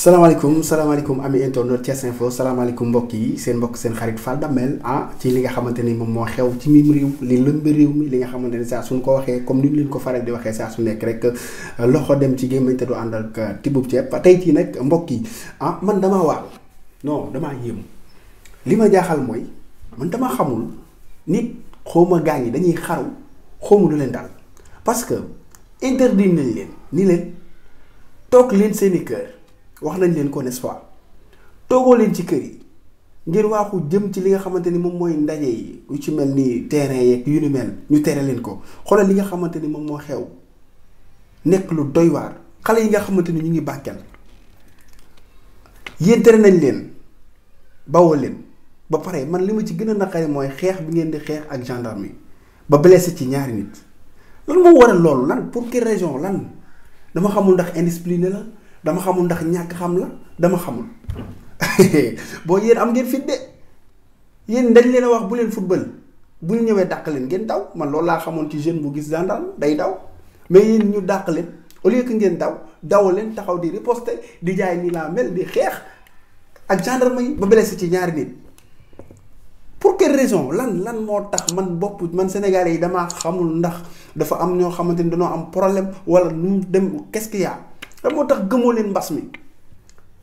salaamaaleykum salaamaaleykum ami internet Thiès Info mbokk yi seen mbokk seen xarit Fall Damel ah ci li nga xamante ni moom moo xew ci mim réew li lëmb réew mi li nga xamante ni saa suñ ko waxee comme ni ñu ko faral di waxee saa su nekk rek loxo dem ci gémmañ te du ànd ak euh, tibbub ceeb tey jii nag mbokk yi ah man damaa waal non damaa ma jaaxal mooy man dama xamul nit xawma gaañ yi dañuy xaru xawma du leen daal parce que interdit nañ leen ni leen toog leen seeni kër. wax nañ leen ko n'est-ce toogoo leen ci kër yi ngeen waaxu jëm ci li nga xamante ni moom mooy ndaje yi lu ci mel ni terrain yeeg yu ni mel ñu tere leen ko xoolal li nga xamante ni moom moo xew nekk lu doywaar xale yi nga xamante ni ñu ngi bàkkel yéen tere nañ leen bawoo leen ba pare man li ma ci gën a naqari mooy xeex bi ngeen di xeex ak gendarme yi ba blessé ci ñaari nit lan moo waral loolu lan pour quelle raison lan dama xamul ndax indiscipliné la. dama xamul ndax ñàkk xam la dama xamul boo yéen am ngeen fit de yéen dañ leen a wax bu leen football bu ñu ñëwee dàq leen ngeen daw man loolu laa xamoon ci jeune bu gis gendarme day daw mais yéen ñu dàq leen au lieu que ngeen daw daw leen taxaw di riposter di jaay nii laa mel di xeex ak gendarme yi ba blessé ci ñaari nit pour quelle raison lan lan moo tax man bopp man sénégalais yi damaa xamul ndax dafa am ñoo xamante ni dañoo am problème wala nu mu dem quest te moo tax gëmoo leen mbas mi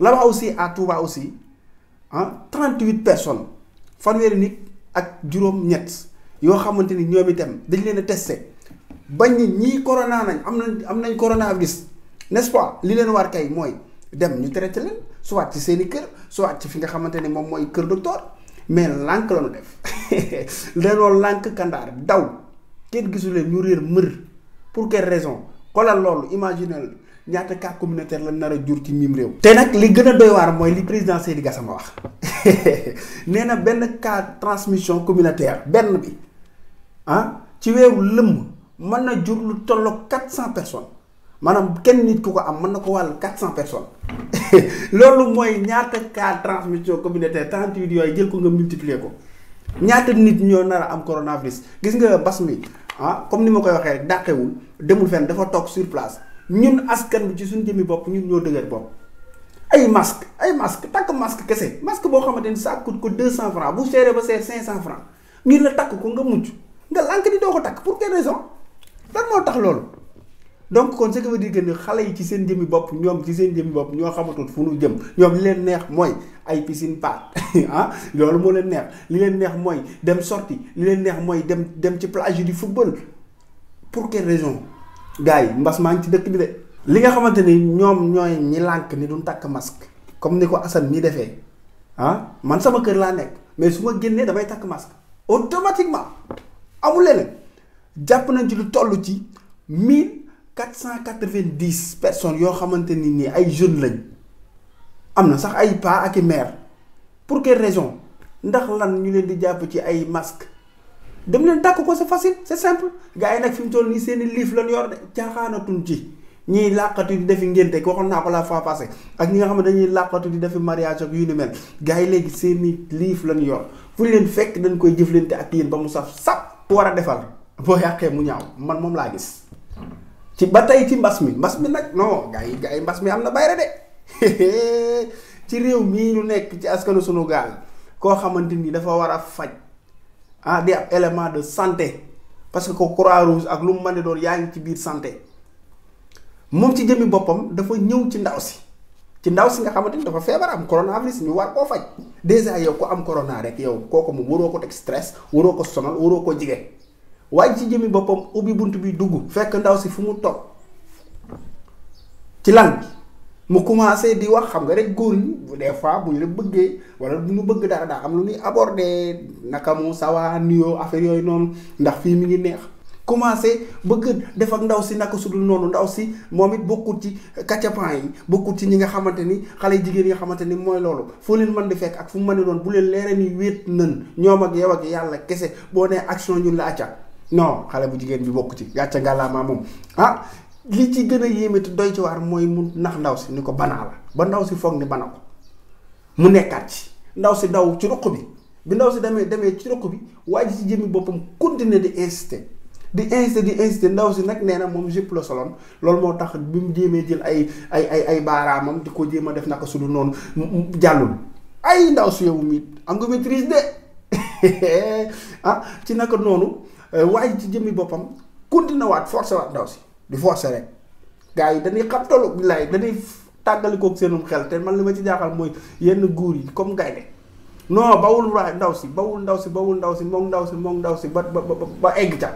là-bas aussi à Touba aussi ah 38 personnes fanweeri nit ak juróom-ñett yoo xamante ni ñoom itam dañ leen a teste bañ ni ñii corona nañ am nañ am nañ coronavirus n'est-ce pas li leen waar kay mooy dem ñu traité leen soit ci seen i kër soit ci fi nga xamante ni moom mooy kër docteur mais lànk la ñu def loolu lànk kandaar daw kenn gisu leen ñu réer mër pour quelle raison xoolal loolu imaginez ñaata cas communautaire la nar a jur ci mim réew. te nag li gën a doy waar mooy li président Seydi Gassama wax nee na benn cas transmission communautaire benn bi ah ci weeru lëm mën na jur lu tolloog quatre cent personnes maanaam kenn nit ku ko am mën na ko wàll quatre cent personne loolu mooy ñaata cas transmission communautaire trente-huit yooyu jël ko nga multiplier ko ñaata nit ñoo nar am coronavirus gis nga bas mi ah comme ni ma koy waxee rek dàqewul demul fenn dafa toog sur place. ñun askan bi ci suñu jëmi bopp ñun ñoo dëgër bopp ay masque ay masque takk masque kese masque boo xamante ni ça coûte ko deux cent franc bu seeree ba seer cinq cent franc ñun la takk ko nga mucc nga lànk di doo ko takk pour quelle raison lan tax loolu donc kon ce qui veut dire xale yi ci seen jëmi bopp ñoom ci seen jëmi bopp ñoo xamatul fu nu jëm ñoom leen neex mooy ay piscine paat ah loolu moo leen neex li leen neex mooy dem sorti li leen neex mooy dem dem ci plage yi di football pour quelle raison gars yi mbas maa ngi ci dëkk bi de. li nga xamante ni ñoom ñooy ñi lànk ni duñ takk masque comme ni ko Assane mi defee ah man sama kër laa nekk mais su ma génnee damay takk masque automatiquement amul leneen jàpp nañ ci lu toll ci mille quatre cent quatre-vingt-dix personnes yoo xamante ni nii ay jeunes lañ am na sax ay pa ak i mère pour quelle raison ndax lan ñu leen di jàpp ci ay masque dem leen takk ko c'est facile c'est simple gars yi nag fi mu toll nii seen i liif lan yor de caaxaanatuñ ci ñiy làqatu di defi ngénte waxoon naa ko la fois passée ak nga xam ne dañuy làqatu di defi mariage ak yu yi léegi seen i liif lan yor fu leen fekk dañ koy jëflante ak yéen ba mu saf sap ku war a defal boo yàqee mu ñaaw man moom laa gis ci ba tey ci mbas mi mbas nag non gars yi am na bayra de ci réew mii ñu nekk ci askanu sunu gaal koo xamante ni dafa war a faj ah di ab élément de santé parce que ko croix ak lu mu mën a doon yaa ngi ci biir santé moom ci jëmmi boppam dafa ñëw ci ndaw si ci ndaw si nga xamante ni dafa feebar am coronavirus ñu war koo faj dèjà yow ko am corona rek yow kooku moom waroo ko teg stress waroo ko sonal waroo ko jige waaye ci jëmmi boppam ubbi bunt bi dugg fekk ndaw si fu mu toog ci lan bi mu commencé di wax xam nga rek góor ñi des fois bu ñu la bëggee wala bu mu bëgg dara daa am lu ñuy aborder naka mu sawa nuyoo affaire yooyu noonu ndax fii mi ngi neex. commencé bëgg def ak ndaw si naka sudul noonu ndaw si moom it bokkut ci kacapan yi bokkut ci ñi nga xamante ni xale jigéen yi nga xamante ni mooy loolu foo leen mën di fekk ak fu mu mën di doon bu leen leeree ni wéet nan ñoom ak yow ak yàlla kese boo nee action ñun la acca non xale bu jigéen bi bokk ci gàcce ngàllaamaa moom ah, li ci gën a yéeme te doy ci waar mooy mu nax ndaw si ni ko banaa la ba ndaw si foog ni bana ko mu nekkaat ci ndaw si daw ci ruq bi bi ndaw si demee demee ci ruq bi waa ji si jëmmi boppam continuer di insister di insister di ndaw si nag nee na moom jëpp la loolu moo tax bi mu jéemee jël ay ay ay ay baaraamam di ko jéem a def naka su dul noonu jàllul ay ndaw si yow mi am nga maîtrise de ah ci naka noonu euh, waa ci jëmmi boppam continuer waat forcer waat ndaw si. di forcer rek gars yi dañuy xam tollu billaay dañuy tàggalikoog seenum xel te man li ma ci jaaxal mooy yenn góor yi comme gaynde non bawul waay ndaw si bawul ndaw si bawul ndaw si moom ndaw si moom ndaw si ba ba ba egg ca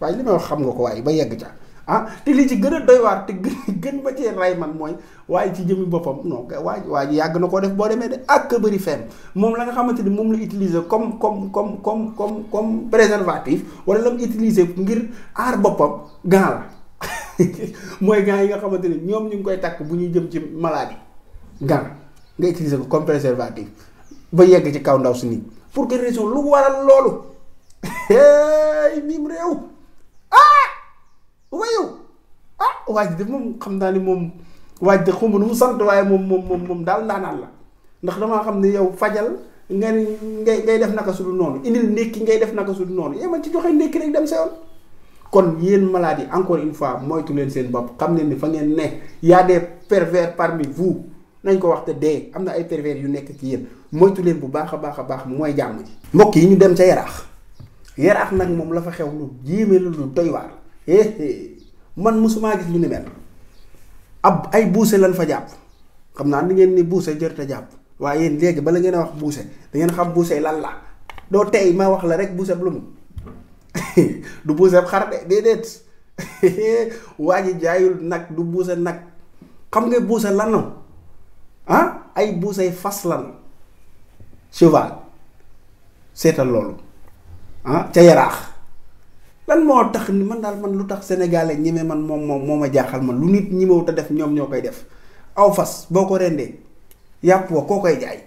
waaye li may xam nga ko waaye ba yegg ca ah te li ci gën a doy waar te gën ba cee rey man mooy waaye ci jëmi boppam non waay waa ji yàgg na koo def boo demee de ak bëri feem moom la nga xamante ni moom la utiliser comme comme comme comme comme comme préservatif wala la mu utiliser ngir aar boppam gaa la mooy gars yi nga xamante ni ñoom ñu ngi koy takk bu ñuy jëm ci maladie. gan nga utiliser ko comme préservatif ba yegg ci kaw ndaw si nit pour quelle raison lu waral loolu miim réew ah wayu ah waaj de moom xam naa ni moom waaj de xumb nu mu sant waaye moom moom moom daal ndaanaan la ndax damaa xam ne yow fajal nga ni ngay ngay def naka su du noonu indil nekki ngay def naka su du noonu yemal eh, ci joxe ndékki rek dem sa yoon kon yéen malade yi encore une fois moytu leen seen bopp xam leen ni fa ngeen ne y a des pervers parmi vous nañ ko wax te dee am na ay pervers yu nekk ci yéen moytu leen bu baax a baax a baax mooy jàmm ji. mbokk yi ñu dem ca yaraax yaraax nag moom la fa xew lu jéeme lu doy waar eh, eh, man mosumaa gis lu mel ab ay buuse lañ fa jàpp xam naa ni ngeen ni buuse jërte jàpp waaye yéen léegi bala ngeen a wax buuse da ngeen xam buuse lan la doo tey ma wax la rek buuse bu lu mu du buusam xar de déedéet waa ji jaayul nag du buusa nag xam nga buusa lan ah ay buusay fas lan cheval seetal loolu ah ca yaraax lan moo tax ni man daal man lu tax sénégalais ñeme man moom moom moo ma jaaxal man lu nit ñimewu te def ñoom ñoo koy def aw fas boo ko rendee yàpp wa koo koy jaay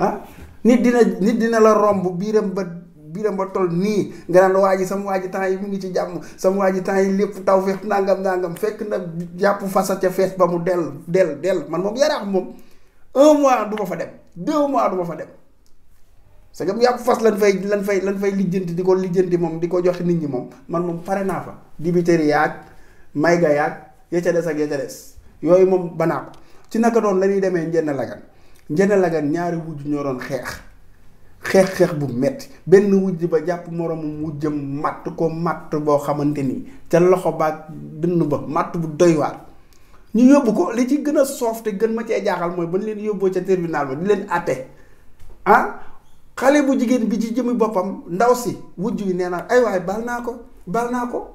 ah, nit dina nit dina la romb biiram ba biiram ba toll nii nga naan waa ji sama waa ji temps yi mu ngi ci jàmm sama waa ji temps yi lépp taw feex nangam nangam fekk na jàpp fasa ca fees ba mu dell dell dell man moom yaraax moom un mois du ma fa dem deux mois du fa dem parce que yàpp fas lan fay lan fay lan fay lijjanti di ko lijjanti moom di ko joxe nit ñi moom man moom pare naa fa dibiteri yaag mayga yaag ya ca des ak ya des yooyu moom banaa ko ci naka doon la ñuy demee njenn lagan njenn lagan ñaari wujj ñoo doon xeex xeex-xeex bu metti benn wujj ba jàpp moroomam wujjam matt ko matt boo xamante ni ca loxo ba dënn ba matt bu doy ñu yóbbu ko li ci gën a soof te gën ma cee jaaxal mooy ba ñu leen yóbboo ca tribunal ba di leen àtte ah xale bu jigéen bi ci jëmi boppam ndaw si wujj wi nee naa ay waay baal naa ko baal naa ko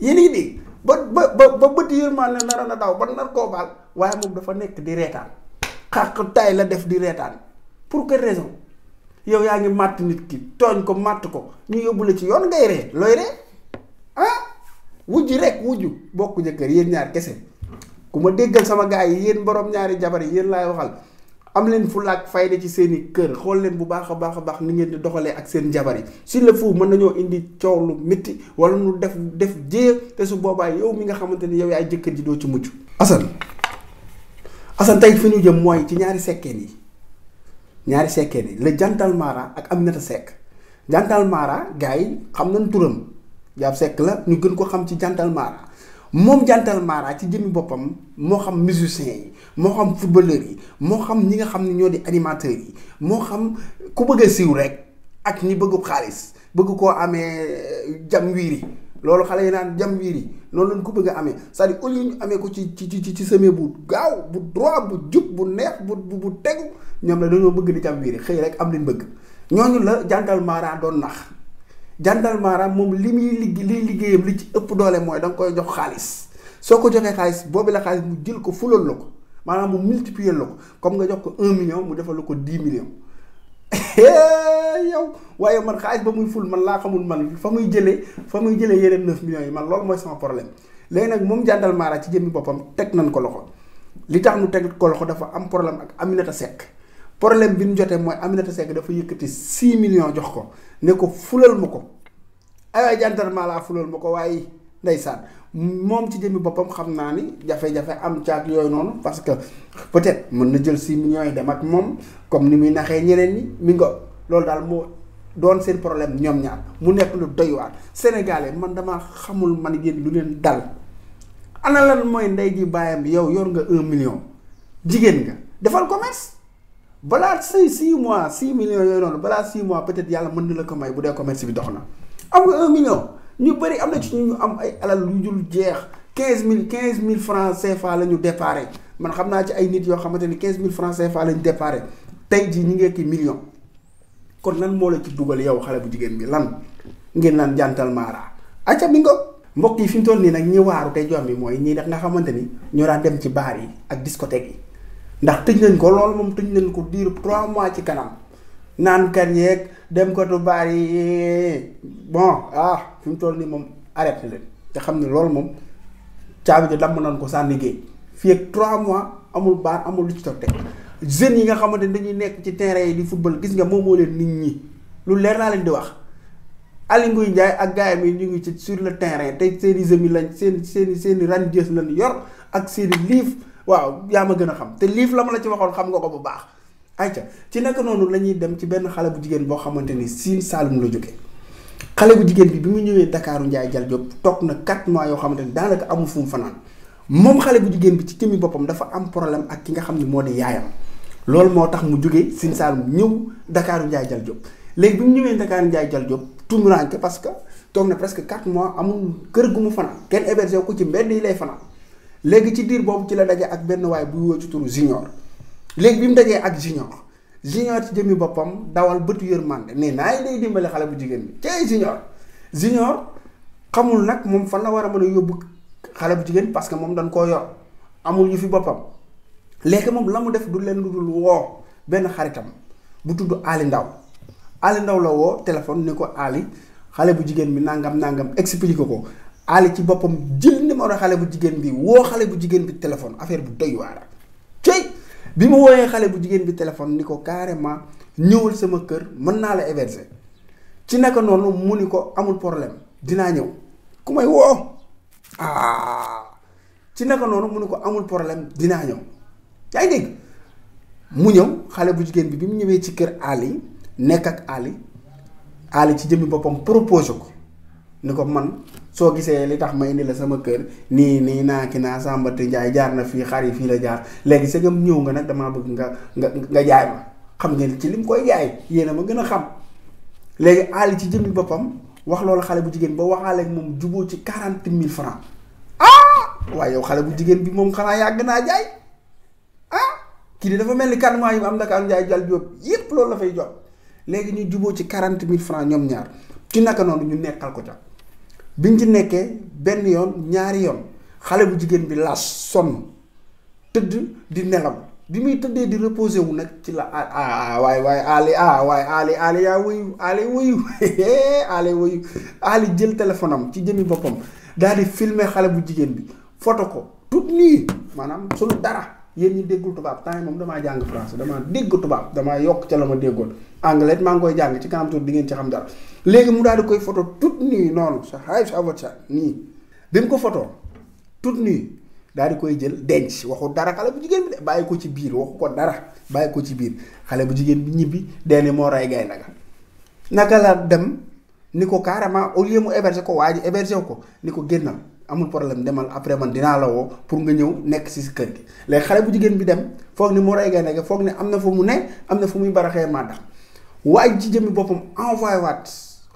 yéen ngi dégg ba ba ba ba bëtt yërmaan ne nara na daw ba nar koo baal waaye moom dafa nekk di reetaan xàq tay la def di reetaan pour quelle raison yow yaa ngi màtt nit ki tooñ ko màtt ko ñu yóbbu la ci yoon ngay ree looy ree ah wujj rek wujj bokk jëkkër yéen ñaar kese ku ma déggal sama gaa yi yéen borom ñaari jabar yi yéen laay waxal am leen fu laak fayda ci seeni kër xool leen bu baax a baax a baax ni ngeen di doxalee ak seen jabar yi sur le fou mën nañoo indi coow lu métti wala nu def def jéer te su boobaa yow mi nga xamante ni yow yaay jëkkër ji doo ci mujj. Assane Assane tey fi ñu jëm ci ñaari sekkeen yi. ñaari sekkee ni la jantal Mara ak Aminata Seck jantal Mara gars yi xam nañ turam jaab Seck la ñu gën ko xam ci jantal Mara moom jantal Mara ci jëmmi boppam moo xam musiciens yi moo xam footballeurs yi moo xam ñi nga xam ne ñoo di animateurs yi moo xam ku bëgg a siiw rek ak ñi bëggu xaalis bëgg koo amee jam wiiri loolu xale yi naan jam wiiri noonu lañ ko bëgg a amee cest à ñu amee ko ci ci ci ci semé bu gaaw bu droit bu jub bu neex bu bu tegu. ñoom la dañoo bëgg di jam biir xëy rek am liñ bëgg ñooñu la jàndal maara doon nax jàndal maara moom li muy ligg liy liggéeyam li ci ëpp doole mooy da nga koy jox xaalis soo ko joxee xaalis boobu la xaalis mu jël ko fulal lu ko maanaam mu multiplier la ko comme nga jox ko un million mu defal la ko dix millions yow waaye man xaalis ba muy ful man laa xamul man fa muy jëlee fa muy jëlee yeneen neuf millions yi man loolu mooy sama problème léegi nag moom jàndal maara ci jëmmi boppam teg nañ ko loxo li tax nu teg ko loxo dafa am problème ak Aminata Seck problème bi ñu jotee mooy Aminata Seck dafa yëkkati 6 millions jox ko ne ko fulal ma ko aywa jandarma laa fulal ma ko waaye ndeysaan moom ci jëmmi boppam xam naa ni jafe-jafe am caag yooyu noonu parce que peut-être mën na jël 6 millions yi dem ak moom comme ni muy naxee ñeneen ñi mi nga loolu daal moo doon seen problème ñoom ñaar mu nekk lu doy waar man dama xamul man yéen lu leen dal ana lan mooy ndey ji bàyyam yow yor nga un million jigéen nga defal commerce. balaa say 6 mois 6 millions yooyu noonu balaa 6 mois peut-être yàlla mën na la ko may bu dee commerce bi dox na am nga 1 million ñu bëri am na ci ñu am ay alal lu dul jeex quinze 15000 15000 francs CFA la ñu déparé man xam naa ci ay nit yoo xamante ni 15000 francs CFA la ñu déparé tey jii ñu ngee kii million kon lan moo la ci dugal yow xale bu jigéen bi lan ngeen naan jantal maara acca bi nga mbokk yi fi mu toll nii nag ñi waaru tey jox mi mooy ñii nag nga xamante ni ñoo dem ci baar yi ak discothèque yi. ndax tëj nañ ko loolu moom tëj nañ ko diir trois mois ci kanam naan kan yeeg dem ko du baar bon ah fi mu toll nii moom arrêté leen te xam ne loolu moom caabi ji damm nañ ko sànni géej fii ak trois mois amul baar amul lu ci toog teg jeunes yi nga xamante ne dañuy nekk ci terrain yi di football gis nga moom moo leen nit ñi lu leer laa leen di wax Aly Ngouille Ndiaye ak gars yi ñu ngi ci sur le terrain te seen i semis lañ seen seen i seen i ràññees lañ yor ak seen i waaw yaa ma gën a xam te liif la ma la ci waxoon xam nga ko bu baax ayca ci naka noonu la ñuy dem ci benn xale bu jigéen boo xamante ni Sine Saalum la jóge xale bu jigéen bi bi mu ñëwee Dakaaru Njaay Jal Jóob toog na 4 mois yoo xamante ni daanaka amul fu mu fanaan moom xale bu jigéen bi ci jëmmi boppam dafa am problème ak ki nga xam ne moo di yaayam loolu moo tax mu jóge Sine Saalum ñëw Dakaaru Njaay Jal léegi bi mu ñëwee Dakaaru Njaay Jal Jóob tumuranke parce que toog na presque 4 mois amul kër gu mu fanaan kenn hébergé ko ci mbedd yi lay fanaan léegi ci diir boobu ci la dajee ak benn waaye bu woo ci turu junior léegi bi mu dajee ak junior junior ci jëmmi boppam dawal bët bëtu yërmande nee naa day dimbale xale bu jigéen bi cey junior junior xamul nag moom fan la war a mën a yóbbu xale bu jigéen parce que moom dañ koo yor amul ñu fi boppam léegi moom la mu def du leen lu dul woo benn xaritam bu tudd Ali Ndaw Ali Ndaw la woo téléphone ni ko Ali xale bu jigéen bi nangam nangam expliqué ko Ali ci boppam jël numéro xale bu jigéen bi woo xale bu jigéen bi téléphone affaire bu doy waa cey bi mu wooyee xale bu jigéen bi téléphone ni ko carrément ñëwal sama kër mën naa la héberger ci naka noonu mu ni ko amul problème dinaa ñëw ku may woo ah ci naka noonu mu ni ko amul problème dinaa ñëw yaa ngi mu ñëw xale bu jigéen bi bi mu ñëwee ci kër Ali nekk ak Ali Ali ci jëmmi boppam proposé ko ni ko man. soo gisee li tax ma indi la sama kër nii nii naa ki naa Sambati Njaay jaar na fii xar yi fii la jaar léegi sa ngam ñëw nga nag damaa bëgg nga nga nga jaay ma xam ngeen ci lim koy jaay yéen a ma gën a xam léegi Ali ci jëmmi boppam wax loolu xale bu jigéen ba waxaale ak moom juboo ci quarante mille francs ah waaye yow xale bu jigéen bi moom xanaa yàgg naa jaay ah! kii di dafa mel ni quatre mois yu am Dakar Njaay jal Jóob yépp loolu la fay jot léegi ñu juboo ci quarante mille francs ñoom ñaar ci naka noonu ñu nekkal ko ca biñ ci nekkee benn yoon ñaari yoon xale bu jigéen bi la sonn tëdd di nelaw bi muy tëddee di reposé wu nag ci la ah waaye waaye Ali ah waaye Ali Ali yaa wuyu Ali wuyu Ali wuyu Ali jël téléphone am ci jëmi boppam daal di filmer xale bu jigéen bi photo ko tout nii maanaam sunu dara. yéen ñi déggul tubaab temps yi moom damaa jàng français damaa dégg tubaab damaa yokk ca la ma déggoon anglais maa ngi koy jàng ci kanam tuuti di ci xam dara léegi mu daal di koy foto toute nuit noonu sa xaay sa avot sa nii bi mu ko photo toute nuit daal di koy jël denc waxu dara xale bu jigéen bi de bàyyi ko ci biir waxu ko dara bàyyi ko ci biir xale bu jigéen bi ñibbi deni moo rey gay naka naka la dem ni ko carrément au lieu mu héberger ko waa ji héberger ko ni ko génnal amul problème demal après man dinaa la pour nga ñëw nekk si kër gi léegi xale bu jigéen bi dem foog ni mu rey nekk foog ne am na fu mu ne am na fu muy baraxee maa tax waaye ci jëmmi boppam envoyé waat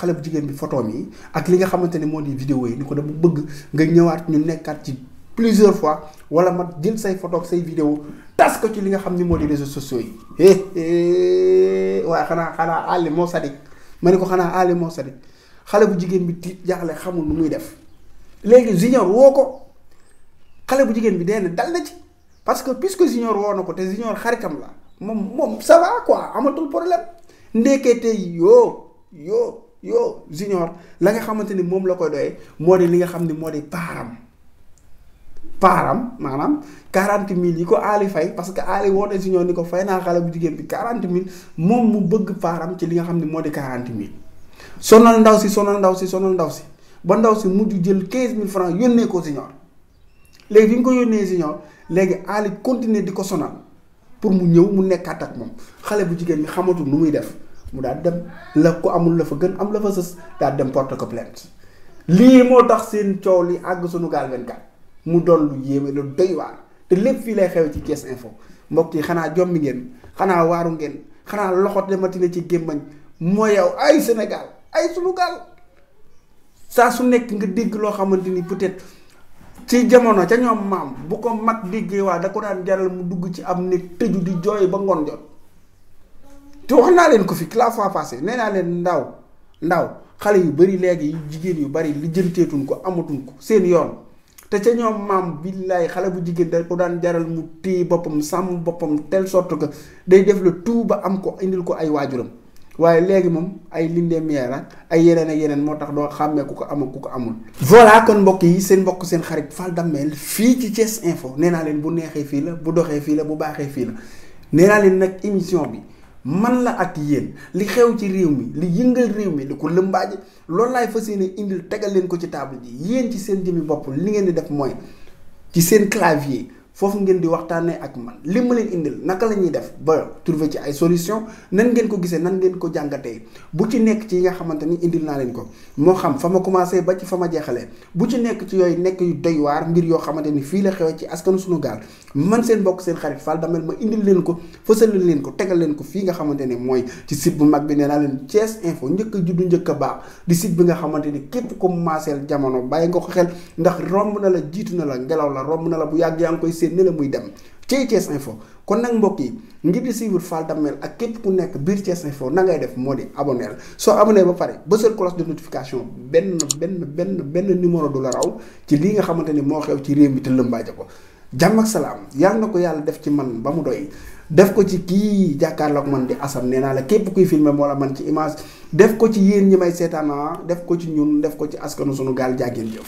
xale bu jigéen bi photoom yi ak li nga xamante ne moo di vidéo yi ni ko bëgg nga ñëwaat ñu nekkaat ci plusieurs fois wala ma jël say photo vidéo tas ko ci li nga xam ni moo di réseaux sociaux yi waaye xanaa xanaa Ali moo sadik ma ne ko xanaa Ali moo sadik xale bu jigéen bi tiit jaaxle xamul nu muy def léegi junior woo ko xale bu jigéen bi dee na dal na ci parce que puisque junior woo na ko te junior xaritam la moom moom ça va quoi amatul problème ndekete yoo yoo yoo junior la nga xamante ni moom la koy doyee moo di li nga xam ni moo di paaram paaram maanaam quarante mille yi ko aali fay parce que aali woone junior ni ko fay naa xale bu jigéen bi quarante mille moom mu bëgg paaram ci li nga xam ne moo di quarante mille sonal ndaw si sonal ndaw si sonal ndaw si ba ndaw si mujj jël mille francs yónnee ko Junior léegi bi ñu ko yónnee Junior léegi Ali continuer di ko sonal pour mu ñëw mu nekkaat ak moom xale bu jigéen bi xamatul nu muy def mu daal dem la ko amul la fa gën am la fa sës daal dem porte ko plainte lii moo tax seen coow li àgg sunu gaal 24 mu doon lu yéeme lu doy waar te lépp fii lay xew ci Thiès Info mbokk yi xanaa jommi ngeen xanaa waaru ngeen xanaa loxo demati ci gémmañ moo yow ay Sénégal saa su nekk nga dégg loo xamante ni peut-être ci jamono ca ñoom maam bu ko mag déggee waa da ko daan jaral mu dugg ci am ne tëju di jooy ba ngoon jot te wax naa leen ko fi la fois passée nee naa leen ndaw ndaw xale yu bari léegi yu jigéen yu bari lijjanteetuñ ko amatuñ ko seen yoon te ca ñoom maam billaay xale bu jigéen da ko daan jaral mu téye boppam sàmm boppam tele sorte que day def le tout ba am ko indil ko ay waajuram waaye léegi moom ay linde mière ay yeneen ak yeneen moo tax doo xàmmee ku ko amul ku ko amul. voilà kon mbokk yi seen mbokk seen xarit Fall Damel fii ci Thiès Info nee naa leen bu neexee fii la bu doxee fii la bu baaxee fii la nee naa leen nag émission bi man la ak yéen li xew ci réew mi li yëngal réew mi li ko lëmbaaje loolu laay fas yéene indil tegal leen ko ci table ji yéen ci seen jëmmi bopp li ngeen di def mooy ci seen clavier. foofu ngeen di waxtaanee ak man li ma leen indil naka la ñuy def ba trouver ci ay solution nan ngeen ko gisee nan ngeen ko jàngatee bu ci nekk ci yi nga xamante ni indil naa leen ko moo xam fa ma commencé ba ci fa ma jeexalee bu ci nekk ci yooyu nekk yu doy waar mbir yoo xamante ni fii la xewee ci askanu sunu gaal man seen bokk seen xarit Fall Damel ma indil leen ko fësalal leen ko tegal leen ko fii nga xamante ne mooy ci site bu mag bi nee naa leen Thiès Info njëkk a juddu njëkk a baax di site bi nga xamante ni képp ko maaseel jamono bàyyi nga ko xel ndax romb na la jiitu na la ngelaw la romb na la bu yàgg yaa ngi koy gisee ne la muy dem ci Thiès Info kon nag mbokk yi ngir di suivre Fall Damel ak képp ku nekk biir Thiès Info na ngay def moo di abonné soo abonné ba pare bësal cloche de notification benn benn benn benn numéro du la raw ci lii nga xamante ni moo xew ci réew mi te lëmbaaje ko jàmm ak salaam yàlla na ko yàlla def ci man ba mu doy def ko ci kii jàkkaarloog man di asam nee naa la képp kuy filmer moo la man ci image def ko ci yéen ñi may seetaana ah, def ko ci ñun def ko ci askanu sunu gaal jàggeen